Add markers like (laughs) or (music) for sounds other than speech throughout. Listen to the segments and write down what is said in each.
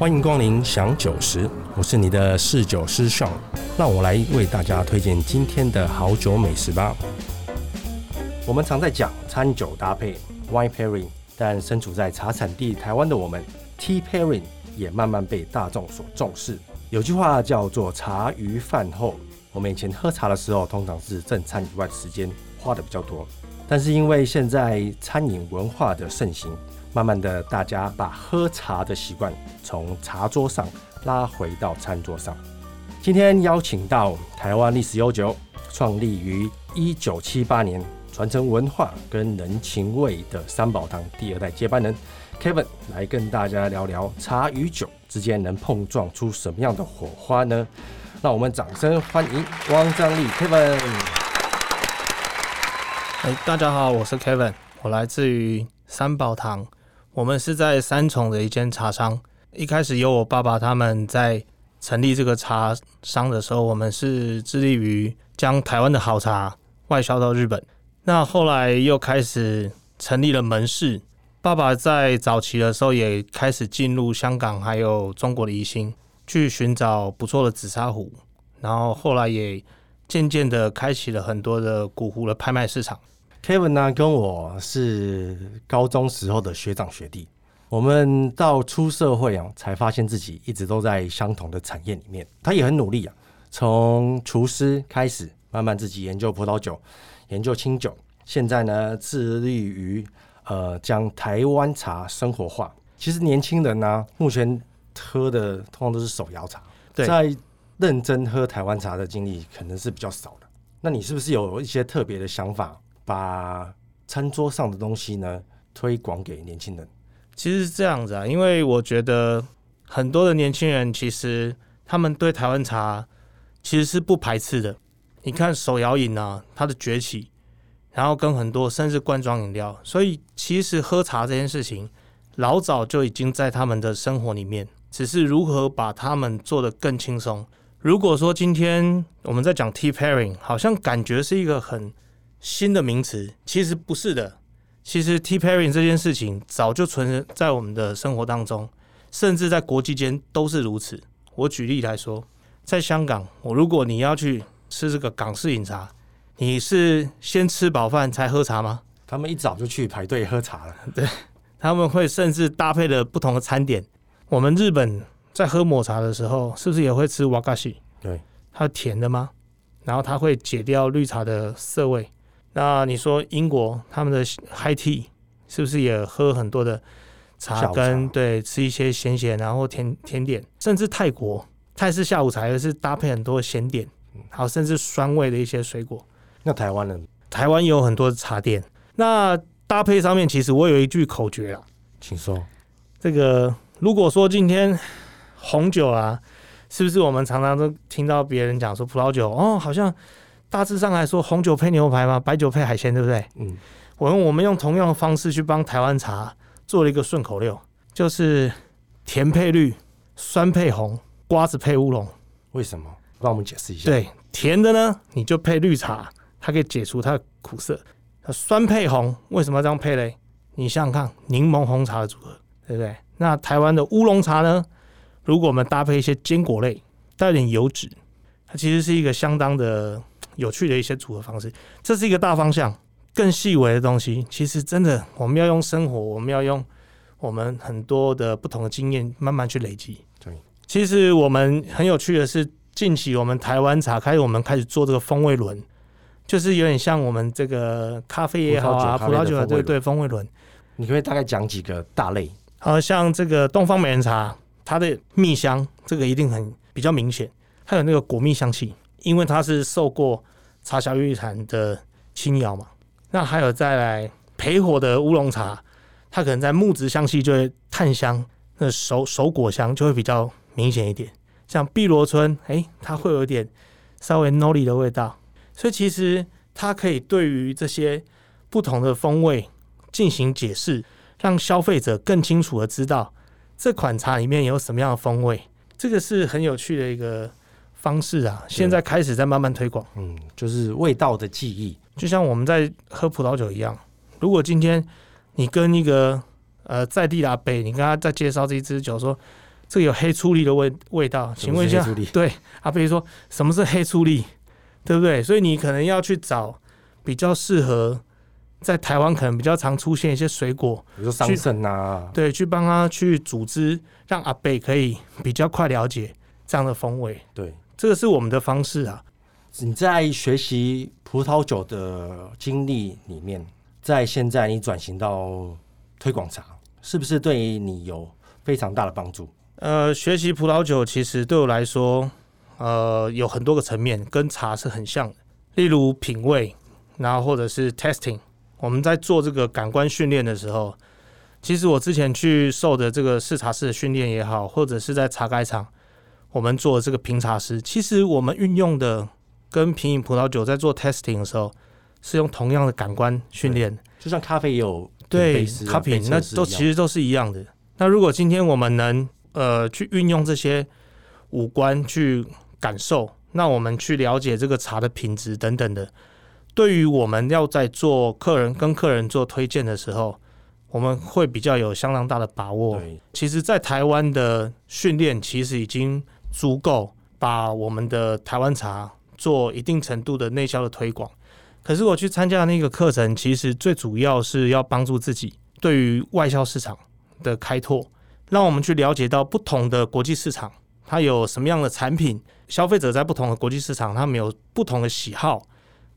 歡迎光臨享酒食，我是你的侍酒師 Sean，讓我來為大家推薦今天的好酒美食吧。我們常在講餐酒搭配 （wine pairing），但身處在茶產地台灣的我們，tea pairing 也慢慢被大眾所重視。有句話叫做“茶餘飯後”，我們以前喝茶的時候，通常是正餐以外的時間花得比較多。但是因為現在餐飲文化的盛行，慢慢的，大家把喝茶的習慣從茶桌上拉回到餐桌上。今天邀請到台灣歷史悠久、創立於一九七八年、傳承文化跟人情味的三寶堂第二代接班人 Kevin 來跟大家聊聊茶與酒之間能碰撞出什麼樣的火花呢？那我們掌聲歡迎汪張力 Kevin。欸，大家好，我是 Kevin，我來自於三寶堂。我們是在三重的一間茶商，一開始有我爸爸他們在成立這個茶商的時候，我們是致力於將台灣的好茶外銷到日本。那後來又開始成立了門市，爸爸在早期的時候也開始進入香港還有中國的宜興，去尋找不錯的紫砂壺，然後後來也漸漸的開啟了很多的古壺的拍賣市場。Kevin 呢、啊，跟我是高中時候的學長學弟，我們到出社會啊，才發現自己一直都在相同的產業裡面。他也很努力啊，從廚師開始，慢慢自己研究葡萄酒，研究清酒，現在呢致力於呃將台灣茶生活化。其實年輕人呢、啊，目前喝的通常都是手搖茶，對，在認真喝台灣茶的經歷可能是比較少的。那你是不是有一些特別的想法？把餐桌上的東西呢，推廣給年輕人，其實是這樣子啊，因為我覺得很多的年輕人其實他們對台灣茶其實是不排斥的。你看手搖飲啊，它的崛起，然後跟很多甚至罐裝飲料，所以其實喝茶這件事情老早就已經在他們的生活裡面，只是如何把他們做得更輕鬆。如果說今天我們在講 tea pairing，好像感覺是一個很。新的名詞其實不是的，其實 tea pairing 這件事情早就存在我們的生活當中，甚至在國際間都是如此。我舉例來說，在香港，我如果你要去吃這個港式飲茶，你是先吃飽飯才喝茶嗎？他們一早就去排隊喝茶了。 (laughs) 對，他們會甚至搭配了不同的餐點。我們日本在喝抹茶的時候，是不是也會吃 wagashi？對，它是甜的嗎？然後它會解掉綠茶的澀味。那你說英國他們的 high tea 是不是也喝很多的茶跟，茶對，吃一些鹹鹹，然後甜甜點，甚至泰國泰式下午茶也是搭配很多鹹點好，甚至酸味的一些水果。那台灣呢？台灣有很多的茶店，那搭配上面其實我有一句口訣啊，請說這個如果說今天紅酒啊，是不是我們常常都聽到別人講說葡萄酒哦好像。大致上來說，紅酒配牛排嘛，白酒配海鮮，對不對？嗯，我用我們用同樣的方式去幫台灣茶做了一個順口溜，就是甜配綠，酸配紅，瓜子配烏龍。為什麼？幫我們解釋一下。對，甜的呢，你就配綠茶，它可以解除它的苦澀。那酸配紅，為什麼要這樣配嘞？你想想看，檸檬紅茶的組合，對不對？那台灣的烏龍茶呢？如果我們搭配一些堅果類，帶點油脂，它其實是一個相當的。有趣的一些組合方式，這是一個大方向。更細微的東西，其實真的我們要用生活，我們要用我們很多的不同的經驗，慢慢去累積。對，其實我們很有趣的是，近期我們台灣茶開始我們開始做這個風味輪，就是有點像我們這個咖啡也好啊，葡萄酒啊，對,對,對,風味輪，你可,可以大概講幾個大類。好、呃、像這個東方美人茶，它的蜜香這個一定很比較明顯，它有那個果蜜香氣。因為它是受過茶小綠葉蟬的侵擾嘛，那還有再來焙火的烏龍茶，它可能在木質香氣就會炭香，那熟熟果香就會比較明顯一點。像碧螺春，哎、欸，它會有一點稍微 noni 的味道，所以其實它可以對於這些不同的風味進行解釋，讓消費者更清楚的知道這款茶裡面有什麼樣的風味，這個是很有趣的一個方式啊，現在開始在慢慢推廣。嗯，就是味道的記憶，就像我們在喝葡萄酒一樣。如果今天你跟一個呃在地的阿伯，你跟他在介紹這一支酒說，說這有黑醋栗的味味道，請問一下，對，阿伯說什麼是黑醋栗，對不對？所以你可能要去找比較適合在台灣可能比較常出現一些水果去，比如說桑葚啊，對，去幫他去組織，讓阿伯可以比較快了解這樣的風味，對。這個是我們的方式啊！你在學習葡萄酒的經歷裡面，在現在你轉型到推廣茶，是不是對你有非常大的幫助？呃，學習葡萄酒其實對我來說，呃，有很多個層面跟茶是很像的，例如品味，然後或者是 testing。我們在做這個感官訓練的時候，其實我之前去受的這個試茶師的訓練也好，或者是在茶改場。我們做這個品茶師，其實我們運用的跟品飲葡萄酒在做 testing 的時候是用同樣的感官訓練，就像咖啡也有對，咖啡那都其實都是一樣的。那如果今天我們能呃去運用這些五官去感受，那我們去了解這個茶的品質等等的，對於我們要在做客人跟客人做推薦的時候，我們會比較有相當大的把握。其實，在台灣的訓練其實已經。足夠把我們的台灣茶做一定程度的內銷的推廣，可是我去參加那個課程，其實最主要是要幫助自己對於外銷市場的開拓，讓我們去了解到不同的國際市場它有什麼樣的產品，消費者在不同的國際市場他們有不同的喜好。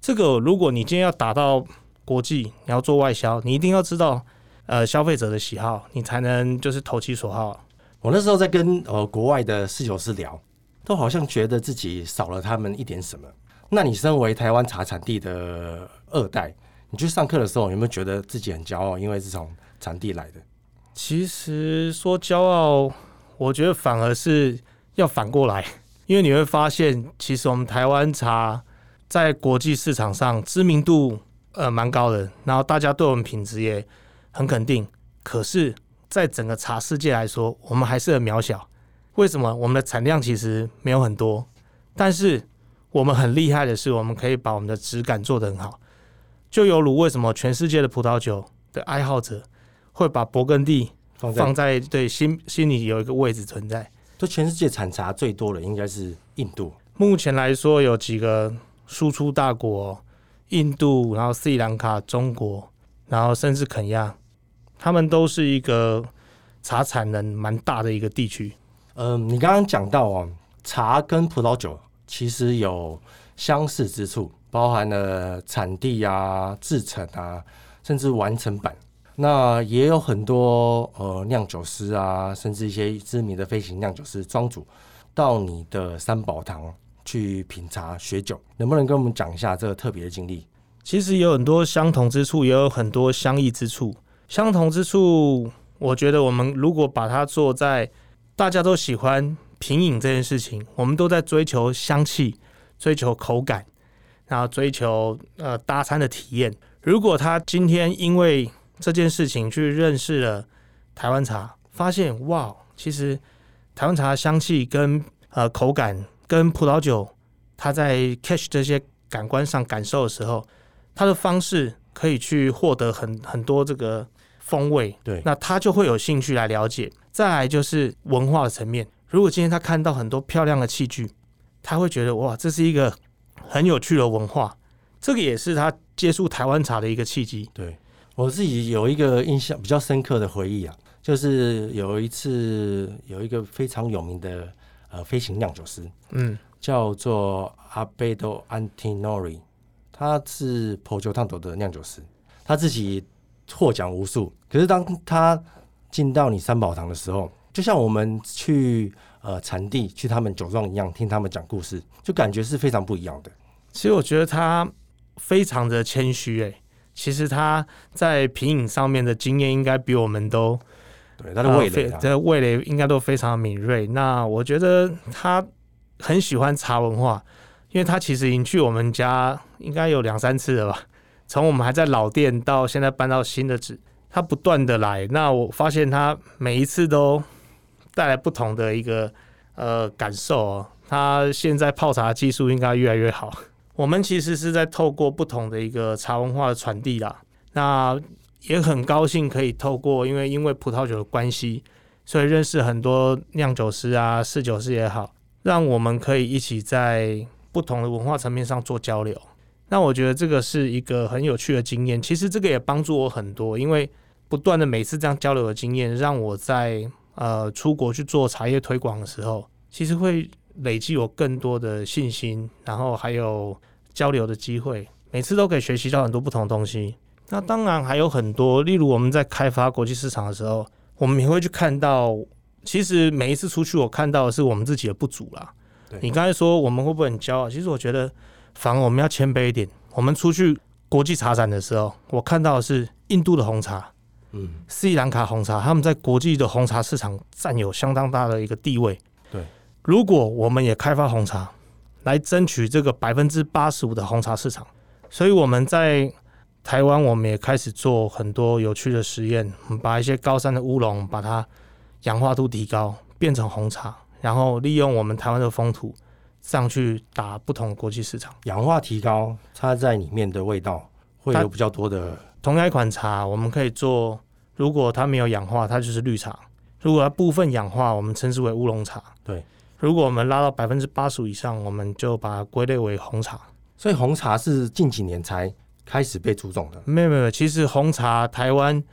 這個如果你今天要打到國際，你要做外銷，你一定要知道呃消費者的喜好，你才能就是投其所好。我那時候在跟呃國外的侍酒師聊，都好像覺得自己少了他們一點什麼。那你身為台灣茶產地的二代，你去上課的時候有沒有覺得自己很驕傲？因為是從產地來的。其實說驕傲，我覺得反而是要反過來，因為你會發現，其實我們台灣茶在國際市場上知名度呃蠻高的，然後大家對我們品質也很肯定。可是在整個茶世界來說，我們還是很渺小。為什麼我們的產量其實沒有很多？但是我們很厲害的是，我們可以把我們的質感做得很好。就猶如為什麼全世界的葡萄酒的愛好者會把勃艮第放在對心在對心裡有一個位置存在？就全世界產茶最多的應該是印度。目前來說，有幾個輸出大國：印度，然後斯里蘭卡，中國，然後甚至肯亞。他們都是一個茶產能蠻大的一個地區。嗯、呃，你剛剛講到哦、喔，茶跟葡萄酒其實有相似之處，包含了產地啊、製程啊，甚至完成版。那也有很多呃釀酒師啊，甚至一些知名的飛行釀酒師莊主，到你的三寶堂去品茶學酒，能不能跟我們講一下這個特別的經歷？其實也有很多相同之處，也有很多相異之處。相同之處，我覺得我們如果把它做在大家都喜歡品飲這件事情，我們都在追求香氣、追求口感，然後追求呃搭餐的體驗。如果他今天因為這件事情去認識了台灣茶，發現哇，其實台灣茶的香氣跟呃口感跟葡萄酒，他在 catch 這些感官上感受的時候，他的方式可以去獲得很很多這個。風味對，那他就會有興趣來了解。再來就是文化的層面，如果今天他看到很多漂亮的器具，他會覺得哇，這是一個很有趣的文化。這個也是他接觸台灣茶的一個契機。對，我自己有一個印象比較深刻的回憶啊，就是有一次有一個非常有名的呃飛行釀酒師，嗯，叫做阿貝多安提諾里，他是普酒燙頭的釀酒師，他自己。獲獎無數，可是當他進到你三寶堂的時候，就像我們去呃產地去他們酒莊一樣，聽他們講故事，就感覺是非常不一樣的。其實我覺得他非常的謙虛，哎，其實他在品飲上面的經驗應該比我們都，對，他的味蕾他，他、啊、的味蕾應該都非常敏銳。那我覺得他很喜歡茶文化，因為他其實已經去我們家應該有兩三次了吧。從我們還在老店到現在搬到新的址，他不斷的來，那我發現他每一次都帶來不同的一個呃感受、啊。哦。他現在泡茶技術應該越來越好。我們其實是在透過不同的一個茶文化的傳遞啦。那也很高興可以透過，因為因為葡萄酒的關係，所以認識很多釀酒師啊、侍酒師也好，讓我們可以一起在不同的文化層面上做交流。那我覺得這個是一個很有趣的經驗，其實這個也幫助我很多，因為不斷的每次這樣交流的經驗，讓我在呃出國去做茶葉推廣的時候，其實會累積我更多的信心，然後還有交流的機會，每次都可以學習到很多不同的東西。那當然還有很多，例如我們在開發國際市場的時候，我們也會去看到，其實每一次出去，我看到的是我們自己的不足啦。對。你剛才說我們會不會很驕傲？其實我覺得。反而我們要謙卑一點。我們出去國際茶展的時候，我看到的是印度的紅茶，嗯，斯里蘭卡紅茶，他們在國際的紅茶市場占有相當大的一個地位。對，如果我們也開發紅茶，來爭取這個百分之八十五的紅茶市場。所以我們在台灣，我們也開始做很多有趣的實驗，把一些高山的烏龍，把它氧化度提高，變成紅茶，然後利用我們台灣的風土。上去打不同國際市場，氧化提高，它在裡面的味道會有比較多的。同樣一款茶，我們可以做，如果它沒有氧化，它就是綠茶；如果它部分氧化，我們稱之為烏龍茶。對，如果我們拉到百分之八十以上，我們就把它歸類為紅茶。所以紅茶是近幾年才開始被注重的。沒有沒有，其實紅茶台灣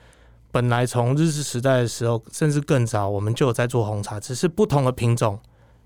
本來從日治時代的時候，甚至更早，我們就有在做紅茶，只是不同的品種，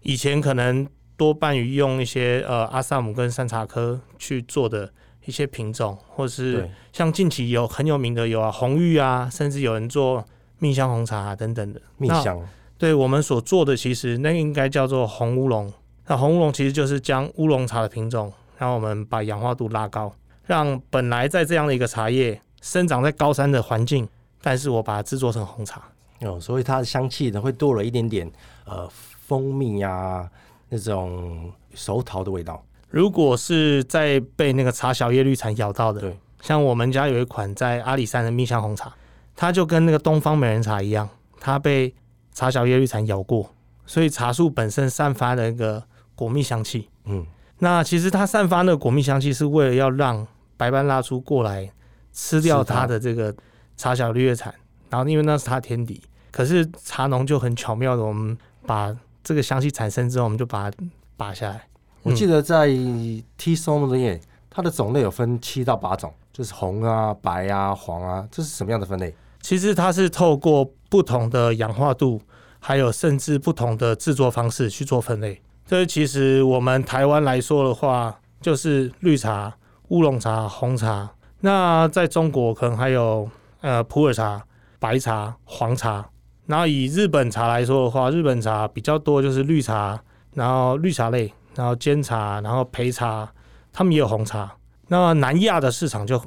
以前可能。多半於用一些呃阿薩姆跟山茶科去做的一些品種，或是像近期有很有名的有啊紅玉啊，甚至有人做蜜香紅茶、啊、等等的蜜香。對我們所做的其實那應該叫做紅烏龍。那紅烏龍其實就是將烏龍茶的品種，然後我們把氧化度拉高，讓本來在這樣的一個茶葉生長在高山的環境，但是我把它制作成紅茶。哦，所以它的香氣呢會多了一點點呃蜂蜜呀、啊。那種熟桃的味道。如果是在被那個茶小綠葉蟬咬到的，對，像我們家有一款在阿里山的蜜香紅茶，它就跟那個東方美人茶一樣，它被茶小綠葉蟬咬過，所以茶樹本身散發的一個果蜜香氣。嗯，那其實它散發那個果蜜香氣是為了要讓白斑獵蛛過來吃掉它的這個茶小綠葉蟬，然後因為那是它的天敵，可是茶農就很巧妙的，我們把這個香氣產生之後，我們就把它拔下來。我記得在 tea sommelier 裡面，它的種類有分七到八種，就是紅啊、白啊、黃啊，這是什麼樣的分類？其實它是透過不同的氧化度，還有甚至不同的制作方式去做分類。所以其實我們台灣來說的話，就是綠茶、烏龍茶、紅茶。那在中國可能還有呃普洱茶、白茶、黃茶。然後以日本茶來說的話，日本茶比較多就是綠茶，然後綠茶類，然後煎茶，然後焙茶，他們也有紅茶。那南亞的市場就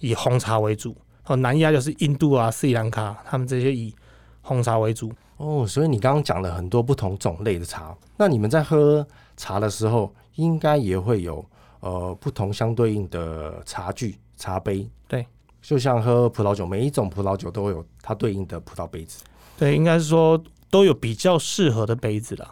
以紅茶為主，哦，南亞就是印度啊、斯里蘭卡，他們這些以紅茶為主。哦，所以你剛剛講了很多不同種類的茶，那你們在喝茶的時候，應該也會有呃不同相對應的茶具、茶杯。對，就像喝葡萄酒，每一種葡萄酒都有它對應的葡萄杯子。對，應該是說都有比較適合的杯子啦，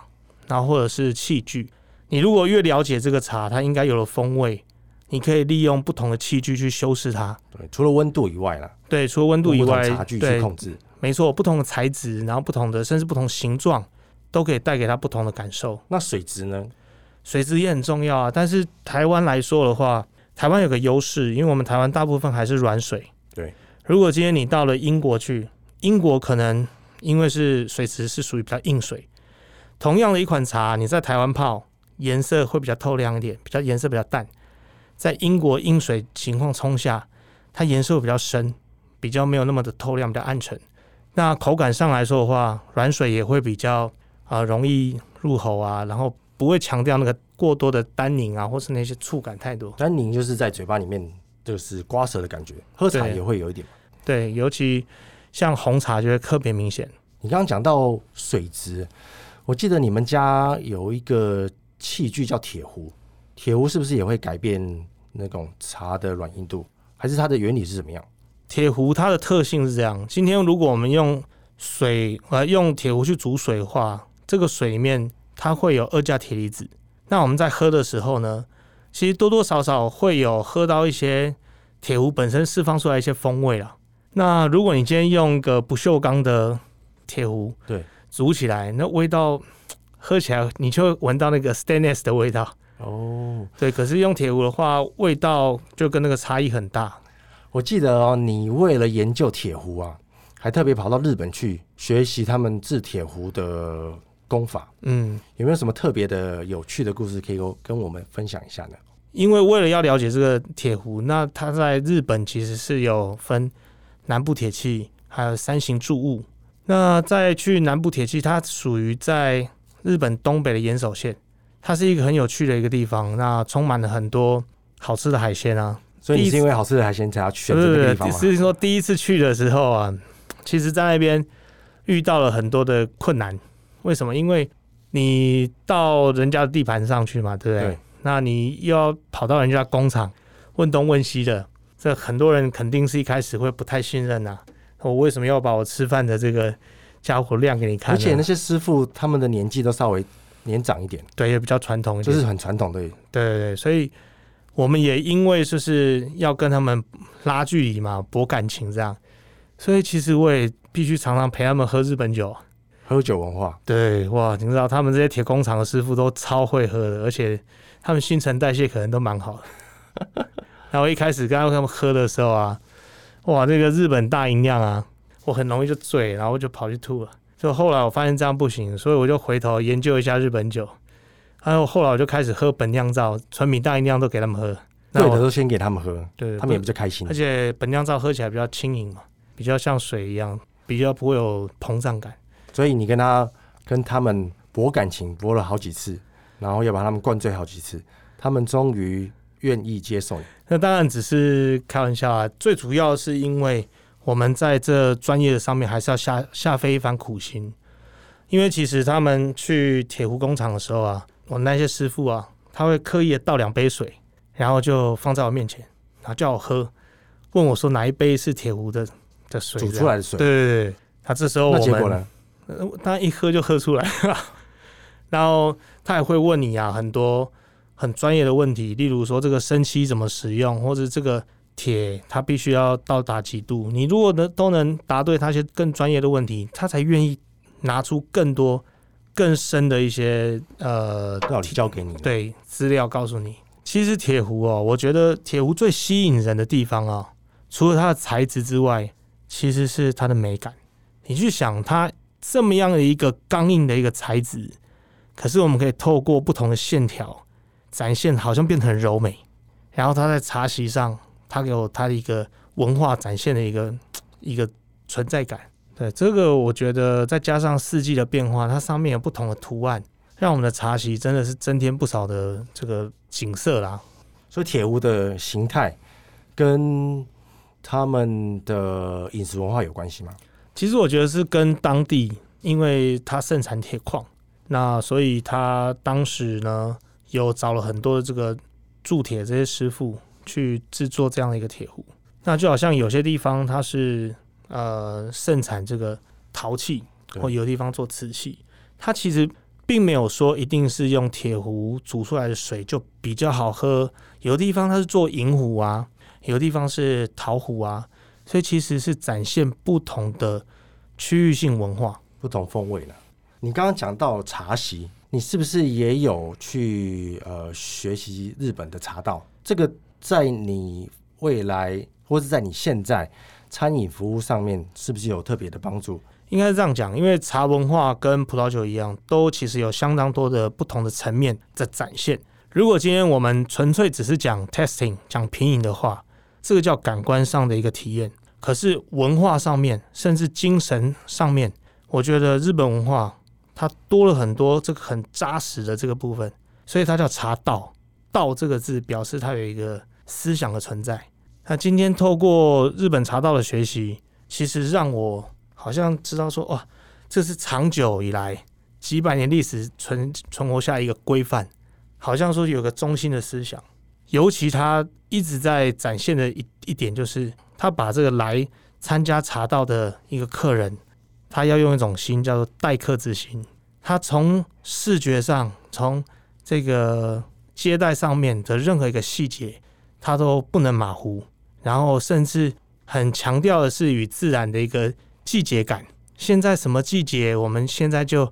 然後或者是器具。你如果越了解這個茶，它應該有了風味，你可以利用不同的器具去修飾它。對，除了溫度以外啦。對，除了溫度以外，茶具去控制。沒錯，不同的材質，然後不同的甚至不同形狀，都可以帶給他不同的感受。那水質呢？水質也很重要啊。但是台灣來說的話，台灣有個優勢，因為我們台灣大部分還是軟水。對。如果今天你到了英國去，英國可能因為是水池是屬於比較硬水，同樣的一款茶，你在台灣泡，顏色會比較透亮一點，比較顏色比較淡；在英國硬水情況沖下，它顏色會比較深，比較沒有那麼的透亮，比較暗沉。那口感上來說的話，軟水也會比較啊、呃，容易入喉啊，然後不會強調那個過多的單寧啊，或是那些觸感太多。單寧就是在嘴巴裡面就是刮舌的感覺，喝茶也會有一點。對，對，尤其。像紅茶就會特別明顯。你剛剛講到水質，我記得你們家有一個器具叫鐵壺，鐵壺是不是也會改變那種茶的軟硬度？還是它的原理是怎麼樣？鐵壺它的特性是這樣：今天如果我們用水來用鐵壺去煮水的話，這個水裡面它會有二價鐵離子。那我們在喝的時候呢，其實多多少少會有喝到一些鐵壺本身釋放出來一些風味啊。那如果你今天用個不鏽鋼的鐵壺，對，煮起來那味道喝起來，你就會聞到那個 stainless 的味道哦。對，可是用鐵壺的話，味道就跟那個差異很大。我記得哦，你為了研究鐵壺啊，還特別跑到日本去學習他們製鐵壺的功法。嗯，有沒有什麼特別的有趣的故事可以跟我們分享一下呢？因為為了要了解這個鐵壺，那它在日本其實是有分，南部鐵器，還有三型鑄物。那再去南部鐵器，它屬於在日本東北的岩手縣，它是一個很有趣的一個地方。那充滿了很多好吃的海鮮啊，所以你是因為好吃的海鮮才要去這個地方嗎、啊？是說第一次去的時候啊，其實在那邊遇到了很多的困難。為什麼？因為你到人家的地盤上去嘛，對不對？那你又要跑到人家工廠問東問西的。這很多人肯定是一開始會不太信任吶、啊。我為什麼要把我吃飯的這個家伙亮給你看？而且那些師傅他們的年紀都稍微年長一點，對，也比較傳統。就是很傳統的。對對對，所以我們也因為就是要跟他們拉距離嘛，博感情這樣。所以其實我也必須常常陪他們喝日本酒，喝酒文化。對哇，你知道他們這些鐵工廠的師傅都超會喝的，而且他們新陳代謝可能都蠻好的。 (laughs) 然後我一開始跟他們喝的時候啊，哇，那、這個日本大吟釀啊，我很容易就醉，然後我就跑去吐了。就後來我發現這樣不行，所以我就回頭研究一下日本酒。還有後，後來我就開始喝本釀造純米大吟釀都給他們喝，貴的都先給他們喝，對他們也比較開心。而且本釀造喝起來比較輕盈嘛，比較像水一樣，比較不會有膨脹感。所以你跟他跟他們搏感情搏了好幾次，然後又把他們灌醉好幾次，他們終於。願意接受你？那當然只是開玩笑啊，最主要是因為我們在這專業的上面，還是要下下費一番苦心。因為其實他們去鐵壺工廠的時候啊，我們那些師傅啊，他會刻意的倒兩杯水，然後就放在我面前，然後叫我喝，問我說哪一杯是鐵壺的的水煮出來的水？對對對。他這時候我們，那結果呢？當然，呃，一喝就喝出來了。然後他也會問你啊，很多。很專業的問題，例如說這個生漆怎麼使用，或者這個鐵它必須要到達幾度。你如果能都能答對它一些更專業的問題，他才願意拿出更多更深的一些呃，資料提交給你。對，資料告訴你。其實鐵壺哦，我覺得鐵壺最吸引人的地方哦、喔，除了它的材質之外，其實是它的美感。你去想它這麼樣的一個剛硬的一個材質，可是我們可以透過不同的線條。展現好像變得很柔美，然後他在茶席上，他給我他的一個文化展現的一個一個存在感。對這個，我覺得再加上四季的變化，它上面有不同的圖案，讓我們的茶席真的是增添不少的這個景色啦。所以鐵壺的形態跟他們的飲食文化有關係嗎？其實我覺得是跟當地，因為它盛產鐵礦，那所以它當時呢。有找了很多的這個鑄鐵這些師傅去制作這樣的一個鐵壺，那就好像有些地方它是呃盛產這個陶器，或有地方做瓷器。它其實並沒有說一定是用鐵壺煮出來的水就比較好喝，有的地方它是做銀壺啊，有的地方是陶壺啊，所以其實是展現不同的區域性文化，不同風味的。你剛剛講到茶席。你是不是也有去呃學習日本的茶道？這個在你未來或者在你現在餐飲服務上面是不是有特別的幫助？應該是這樣講，因為茶文化跟葡萄酒一樣，都其實有相當多的不同的層面在展現。如果今天我們純粹只是講 tasting、講品飲的話，這個叫感官上的一個體驗。可是文化上面，甚至精神上面，我覺得日本文化。它多了很多這個很紮實的這個部分，所以它叫茶道。道這個字表示它有一個思想的存在。那今天透過日本茶道的學習，其實讓我好像知道說，哇，這是長久以來幾百年歷史存存活下一個規範，好像說有個中心的思想。尤其他一直在展現的一一點，就是他把這個來參加茶道的一個客人。他要用一種心，叫做待客之心。他從視覺上，從這個接待上面的任何一個細節，他都不能馬虎。然後，甚至很強調的是與自然的一個季節感。現在什麼季節，我們現在就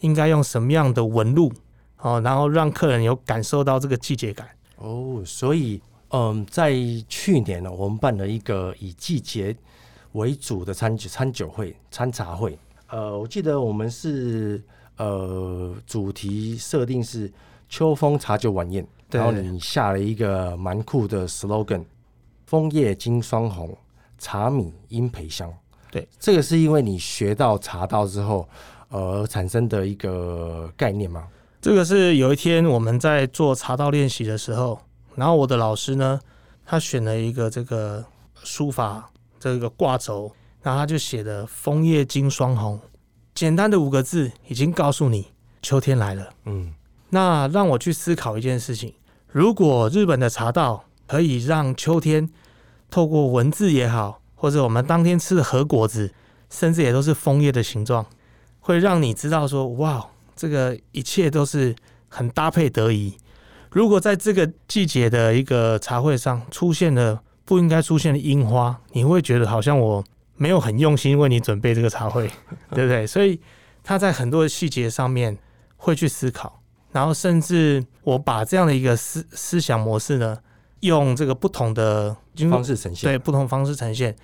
應該用什麼樣的紋路哦，然後讓客人有感受到這個季節感。哦，所以，嗯，在去年呢，我們辦了一個以季節為主的餐酒餐酒會、餐茶會，呃，我記得我們是呃主題設定是秋風茶酒晚宴，然後你下了一個蠻酷的 slogan：楓葉經霜紅，茶米因培香。對，這個是因為你學到茶道之後，而、呃、產生的一個概念嗎？這個是有一天我們在做茶道練習的時候，然後我的老師呢，他選了一個這個書法。這個掛軸，然後他就寫的“楓葉經霜紅”，簡單的五個字已經告訴你秋天來了。嗯，那讓我去思考一件事情：如果日本的茶道可以讓秋天透過文字也好，或者我們當天吃的和菓子，甚至也都是楓葉的形狀，會讓你知道說，哇，這個一切都是很搭配得宜。如果在這個季節的一個茶會上出現了，不應該出現的櫻花，你會覺得好像我沒有很用心為你準備這個茶會， (laughs) 對不對？所以他在很多的細節上面會去思考，然後甚至我把這樣的一個思思想模式呢，用這個不同的方式呈現，對，不同方式呈現。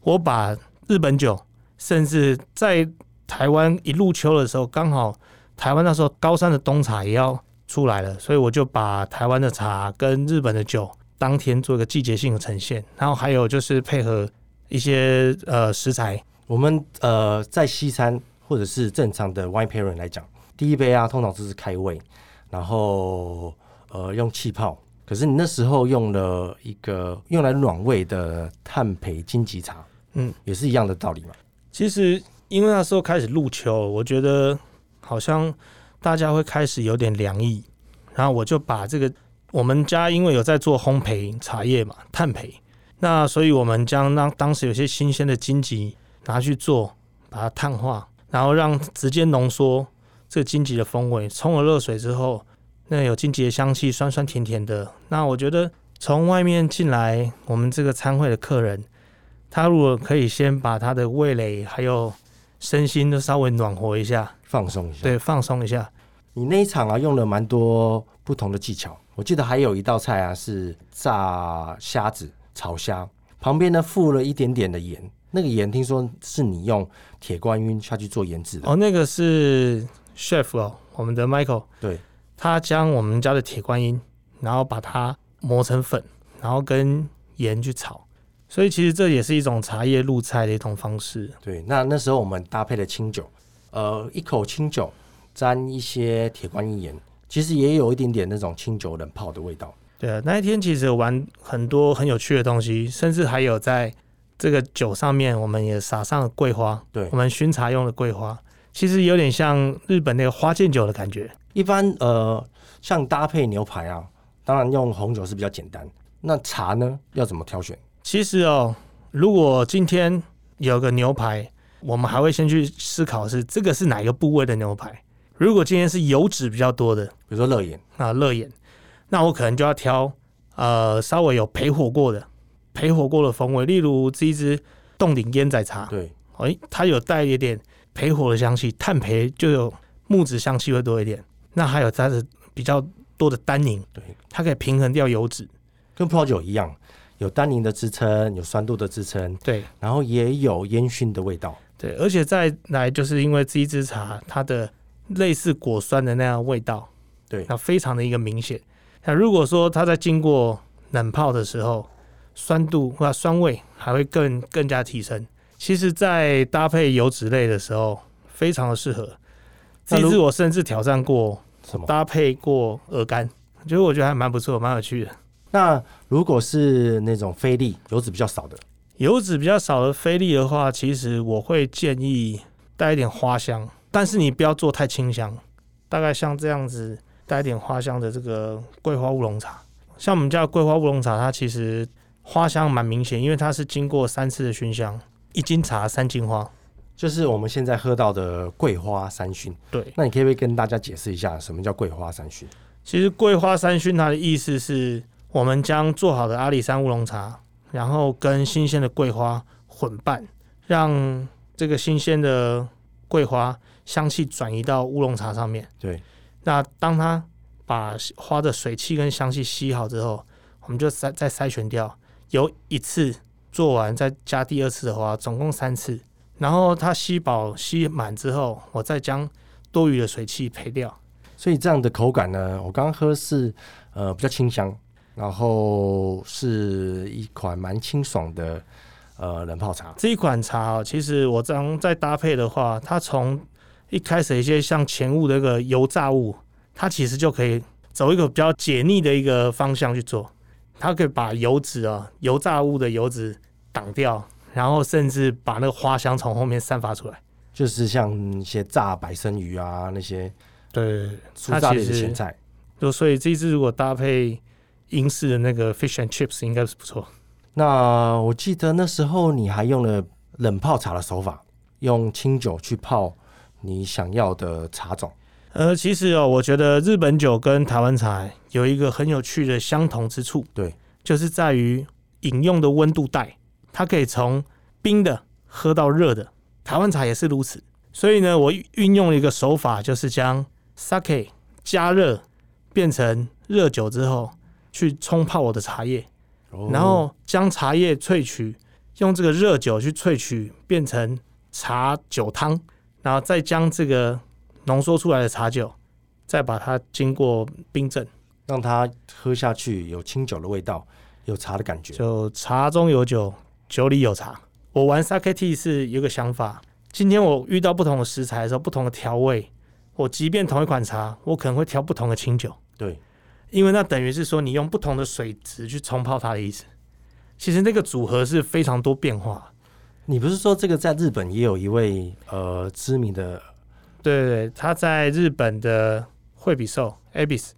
我把日本酒，甚至在台灣一入秋的時候，剛好台灣那時候高山的冬茶也要出來了，所以我就把台灣的茶跟日本的酒。當天做一個季節性的呈現，然後還有就是配合一些呃食材。我們呃在西餐或者是正常的外 i 人 p a r n 來講，第一杯啊通常就是開胃，然後呃用氣泡。可是你那時候用了一個用來暖胃的炭焙金棘茶，嗯，也是一樣的道理嘛。其實因為那時候開始入秋，我覺得好像大家會開始有點涼意，然後我就把這個。我們家因為有在做烘焙茶葉嘛，炭焙，那所以我們將那當時有些新鮮的金桔拿去做，把它炭化，然後讓直接濃縮這個金桔的風味。沖了熱水之後，那有金桔的香氣，酸酸甜甜的。那我覺得從外面進來，我們這個餐會的客人，他如果可以先把他的味蕾還有身心都稍微暖和一下，放鬆一下，對，放鬆一下。你那一場啊，用了蠻多不同的技巧。我記得還有一道菜啊，是炸蝦子炒蝦，旁邊呢附了一點點的鹽。那個鹽聽說是你用鐵觀音下去做醃制的哦。那個是 chef 哦，我們的 Michael。對，他將我們家的鐵觀音，然後把它磨成粉，然後跟鹽去炒。所以其實這也是一種茶葉入菜的一種方式。對，那那時候我們搭配了清酒，呃，一口清酒沾一些鐵觀音鹽。其實也有一點點那種清酒冷泡的味道。對，對，那一天其實玩很多很有趣的東西，甚至還有在這個酒上面，我們也撒上了桂花。對，我們熏茶用的桂花，其實有點像日本那個花見酒的感覺。一般呃，像搭配牛排啊，當然用紅酒是比較簡單。那茶呢，要怎麼挑選？其實哦，如果今天有個牛排，我們還會先去思考是這個是哪一個部位的牛排。如果今天是油脂比較多的，比如說肋眼，那肋眼，那我可能就要挑呃稍微有焙火過的焙火過的風味，例如這一支凍頂煙仔茶，對，誒、欸，它有帶一點焙火的香氣，炭焙就有木質香氣會多一點，那還有它的比較多的單寧，對，它可以平衡掉油脂，跟葡萄酒一樣，有單寧的支撐，有酸度的支撐，對，然後也有煙熏的味道，對，而且再來就是因為這一支茶它的。類似果酸的那樣的味道，對，那非常的一個明顯。那如果說它在經過冷泡的時候，酸度或酸味還會更更加提升。其實，在搭配油脂類的時候，非常的適合。甚至我甚至挑戰過什麼搭配過鵝肝，其實我覺得還蠻不錯，蠻有趣的。那如果是那種菲力油脂比較少的，油脂比較少的菲力的話，其實我會建議帶一點花香。但是你不要做太清香，大概像這樣子帶一點花香的這個桂花烏龍茶，像我們家的桂花烏龍茶，它其實花香蠻明顯，因為它是經過三次的燻香，一斤茶三斤花，就是我們現在喝到的桂花三燻。對，那你可以不可以跟大家解釋一下什麼叫桂花三燻？其實桂花三燻它的意思是，我們將做好的阿里山烏龍茶，然後跟新鮮的桂花混拌，讓這個新鮮的桂花。香氣轉移到烏龍茶上面。對，那當它把花的水氣跟香氣吸好之後，我們就篩，再篩選掉。有一次做完再加第二次的花，總共三次。然後它吸飽吸滿之後，我再將多餘的水氣焙掉。所以這樣的口感呢，我剛剛喝是呃比較清香，然後是一款蠻清爽的呃冷泡茶。這一款茶啊，其實我這樣再搭配的話，它從一開始一些像前物的那個油炸物，它其實就可以走一個比較解膩的一個方向去做。它可以把油脂啊、油炸物的油脂擋掉，然後甚至把那個花香從後面散發出來。就是像一些炸白身魚啊那些炸的菜，對，它其實。就所以這次如果搭配英式的那個 Fish and Chips，應該是不錯。那我記得那時候你還用了冷泡茶的手法，用清酒去泡。你想要的茶種，呃，其實哦，我覺得日本酒跟台灣茶有一個很有趣的相同之處，對，就是在於飲用的溫度帶，它可以從冰的喝到熱的，台灣茶也是如此。嗯、所以呢，我運用了一個手法，就是將 sake 加熱變成熱酒之後，去沖泡我的茶葉，哦、然後將茶葉萃取，用這個熱酒去萃取，變成茶酒湯。然後再將這個濃縮出來的茶酒，再把它經過冰鎮，讓它喝下去有清酒的味道，有茶的感覺，就茶中有酒，酒裡有茶。我玩 Sake Tea 是有個想法，今天我遇到不同的食材的時候，不同的調味，我即便同一款茶，我可能會調不同的清酒。對，因為那等於是說你用不同的水質去沖泡它的意思，其實那個組合是非常多變化。你不是說這個在日本也有一位呃，知名的？對對，他在日本的惠比壽 Abyss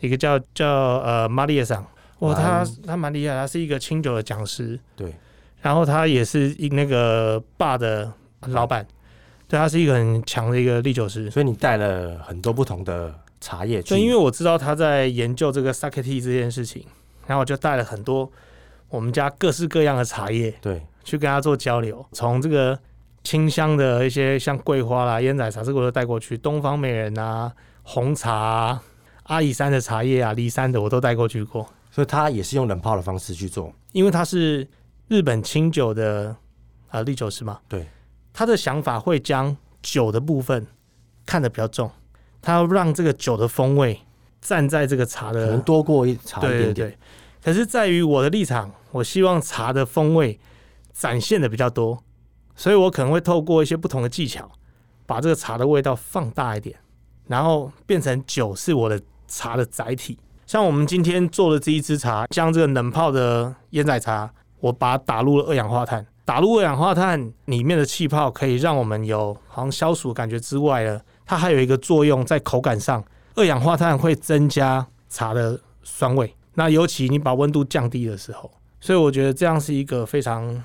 一個叫、叫呃瑪利亞桑，哇、哦，他他蠻厲害，他是一個清酒的講師，對，然後他也是一那個 Bar 的老闆，啊，對，他是一個很強的一個唎酒師。所以你帶了很多不同的茶葉去，因為我知道他在研究這個 Sake Tea 這件事情，然後我就帶了很多。我們家各式各樣的茶葉，對，去跟他做交流，從這個清香的一些像桂花啦、菸仔茶，這個我都帶過去。東方美人啊，紅茶啊，阿里山的茶葉啊，梨山的我都帶過去過。所以他也是用冷泡的方式去做，因為他是日本清酒的啊，呃，唎酒師嘛。對，他的想法會將酒的部分看得比較重，他要讓這個酒的風味站在這個茶的能多過一茶一點點對，對，對，可是在於我的立場。我希望茶的風味展現得比較多，所以我可能會透過一些不同的技巧，把這個茶的味道放大一點，然後變成酒是我的茶的載體。像我們今天做的這一支茶，將這個冷泡的岩奶茶，我把它打入了二氧化碳。打入二氧化碳裡面的氣泡，可以讓我們有好像消暑感覺之外呢，它還有一個作用在口感上，二氧化碳會增加茶的酸味。那尤其你把溫度降低的時候。所以我覺得這樣是一個非常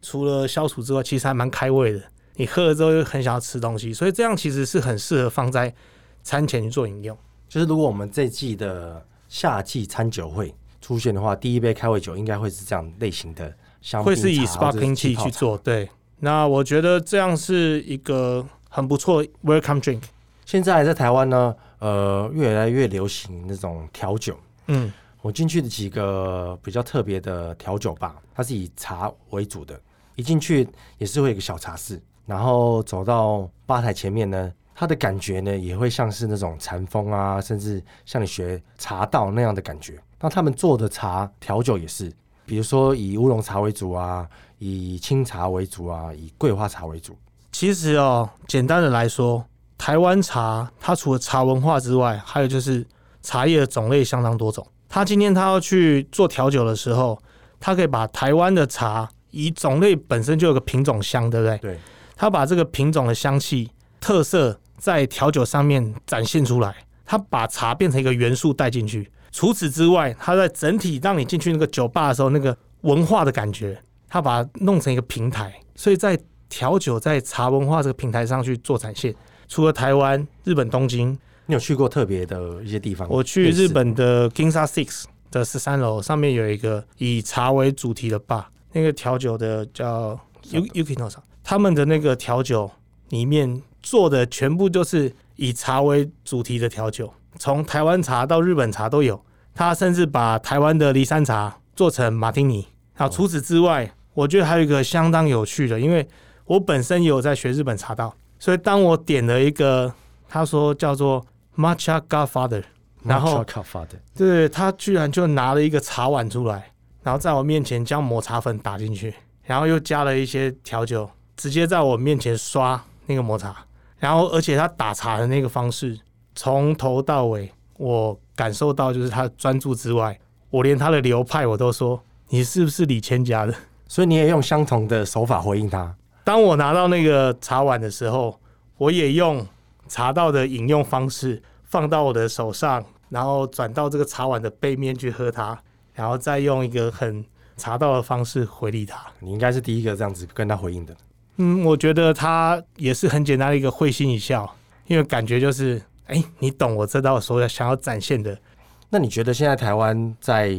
除了消暑之外，其實還蠻開胃的。你喝了之後又很想要吃東西，所以這樣其實是很適合放在餐前去做飲用。就是如果我們這季的夏季餐酒會出現的話，第一杯開胃酒應該會是這樣類型的，會是以 s p a r k i n g 去做。對，那我覺得這樣是一個很不錯 welcome drink。現在在台灣呢，呃，越來越流行那種調酒，嗯。我進去的幾個比較特別的調酒吧，它是以茶為主的。一進去也是會有一個小茶室，然後走到吧台前面呢，它的感覺呢也會像是那種禪風啊，甚至像你學茶道那樣的感覺。那他們做的茶調酒也是，比如說以烏龍茶為主啊，以清茶為主啊，以桂花茶為主。其實哦，簡單的來說，台灣茶它除了茶文化之外，還有就是茶葉的種類相當多種，他今天他要去做調酒的時候，他可以把台灣的茶以種類本身就有個品種香，對不對？對。他把這個品種的香氣特色在調酒上面展現出來，他把茶變成一個元素帶進去。除此之外，他在整體讓你進去那個酒吧的時候，那個文化的感覺，他把它弄成一個平台。所以在調酒、在茶文化這個平台上去做展現，除了台灣，日本，東京。你有去過特別的一些地方？我去日本的 Ginza Six 的十三樓，上面有一個以茶為主題的 bar，那個調酒的叫 Yukinosha，他們的那個調酒裡面做的全部都是以茶為主題的調酒，從台灣茶到日本茶都有。他甚至把台灣的梨山茶做成馬丁尼。好，除此之外，Oh. 我覺得還有一個相當有趣的，因為我本身也有在學日本茶道，所以當我點了一個，他說叫做。抹茶 Godfather, Godfather，然後，對，他居然就拿了一個茶碗出來，然後在我面前將抹茶粉打進去，然後又加了一些調酒，直接在我面前刷那個抹茶，然後而且他打茶的那個方式，從頭到尾，我感受到就是他專注之外，我連他的流派我都說，你是不是裏千家的？所以你也用相同的手法回應他。當我拿到那個茶碗的時候，我也用。茶道的飲用方式放到我的手上，然後轉到這個茶碗的背面去喝它，然後再用一個很茶道的方式回禮它。你應該是第一個這樣子跟他回應的。嗯，我覺得他也是很簡單的一個會心一笑，因為感覺就是，哎，你懂我這道所要想要展現的。那你覺得現在台灣在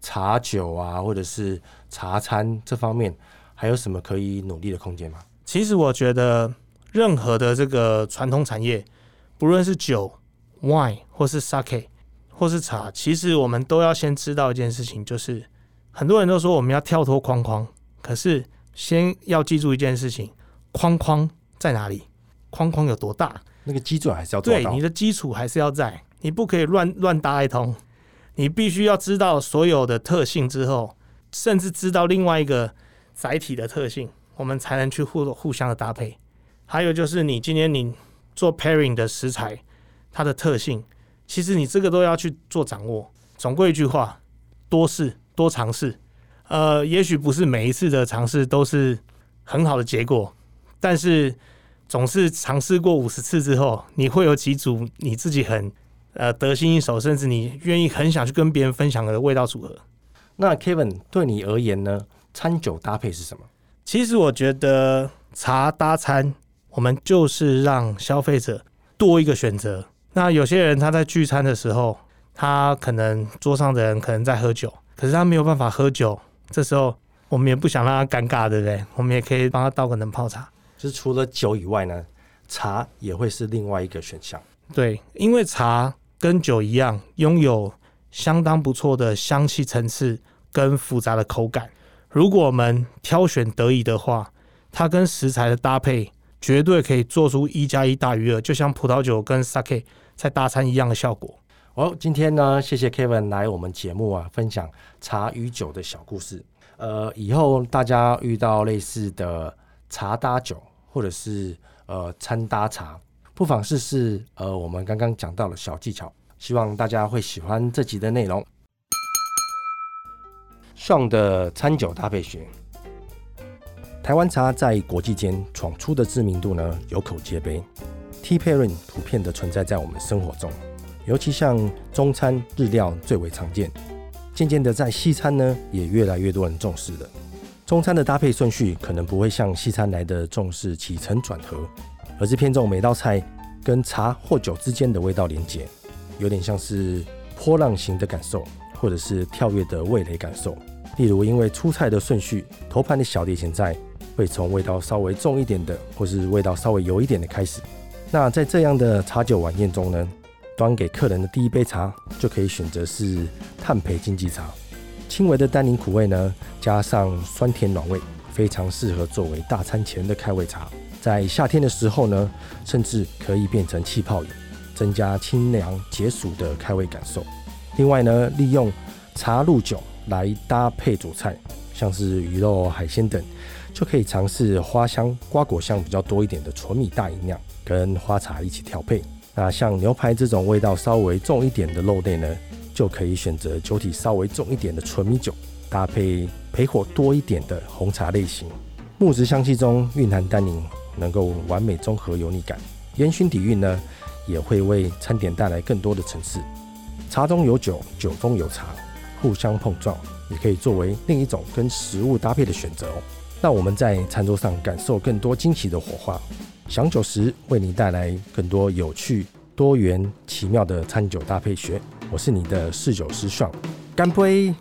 茶酒啊，或者是茶餐這方面，還有什麼可以努力的空間嗎？其實我覺得。任何的這個傳統產業，不論是酒、wine，或是 sake，或是茶，其實我們都要先知道一件事情，就是很多人都說我們要跳脫框框，可是先要記住一件事情，框框在哪裡？框框有多大？那個基準還是要，對，你的基礎還是要在，你不可以亂亂搭一通，你必須要知道所有的特性之後，甚至知道另外一個載體的特性，我們才能去互互相的搭配。還有就是，你今天你做 pairing 的食材，它的特性，其實你這個都要去做掌握。總歸一句話，多試多嘗試。呃，也許不是每一次的嘗試都是很好的結果，但是總是嘗試過五十次之後，你會有幾組你自己很呃得心應手，甚至你願意很想去跟別人分享的味道組合。那 Kevin 對你而言呢，餐酒搭配是什麼？其實我覺得茶搭餐，我們就是讓消費者多一個選擇。那有些人他在聚餐的時候，他可能桌上的人可能在喝酒，可是他沒有辦法喝酒。這時候我們也不想讓他尷尬，對不對？我們也可以幫他倒個冷泡茶。就是除了酒以外呢，茶也會是另外一個選項。對，因為茶跟酒一樣，擁有相當不錯的香氣層次跟複雜的口感。如果我們挑選得宜的話，它跟食材的搭配。絕對可以做出一加一大於二，就像葡萄酒跟 sake 在搭餐一樣的效果。Oh, 今天呢，謝謝 Kevin 來我們節目啊，分享茶與酒的小故事。呃，以後大家遇到類似的茶搭酒，或者是呃餐搭茶，不妨試試呃我們剛剛講到的小技巧。希望大家會喜歡這集的內容。Sean 的餐酒搭配學。台灣茶在國際間闖出的知名度呢，有口皆碑。Tea pairing 普遍的存在在我們生活中，尤其像中餐、日料最為常見。漸漸的，在西餐呢，也越來越多人重視了。中餐的搭配順序可能不會像西餐來的重視起承轉合，而是偏重每道菜跟茶或酒之間的味道連接，有點像是波浪型的感受，或者是跳躍的味蕾感受。例如，因為出菜的順序，頭盤的小碟前菜。會從味道稍微重一點的，或是味道稍微油一點的開始。那在這樣的茶酒晚宴中呢，端給客人的第一杯茶就可以選擇是炭焙金桔茶，輕微的單寧苦味呢，加上酸甜暖味，非常適合作為大餐前的開胃茶。在夏天的時候呢，甚至可以變成氣泡飲，增加清涼解暑的開胃感受。另外呢，利用茶露酒來搭配主菜，像是魚肉、海鮮等。就可以嘗試花香、瓜果香比較多一點的純米大吟釀，跟花茶一起調配。那像牛排這種味道稍微重一點的肉類呢，就可以選擇酒體稍微重一點的純米酒，搭配焙火多一點的紅茶類型。木質香氣中蘊含單寧，能夠完美中和油膩感。煙燻底蘊呢，也會為餐點帶來更多的層次。茶中有酒，酒中有茶，互相碰撞，也可以作為另一種跟食物搭配的選擇哦。讓我們在餐桌上感受更多驚奇的火花，享酒時為你帶來更多有趣、多元、奇妙的餐酒搭配學。我是你的侍酒師，Sean，乾杯。